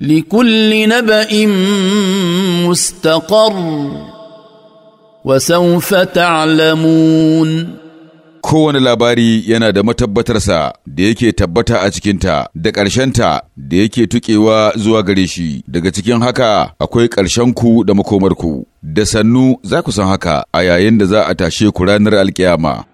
لكل نبإ مستقر وسوف تعلمون kowane labari yana da matabbatarsa da yake tabbata a cikinta da ƙarshenta da yake tuƙewa zuwa gare shi daga cikin haka akwai ƙarshenku da makomarku da sannu za ku san haka a yayin da za a tashe ku ranar alkiyama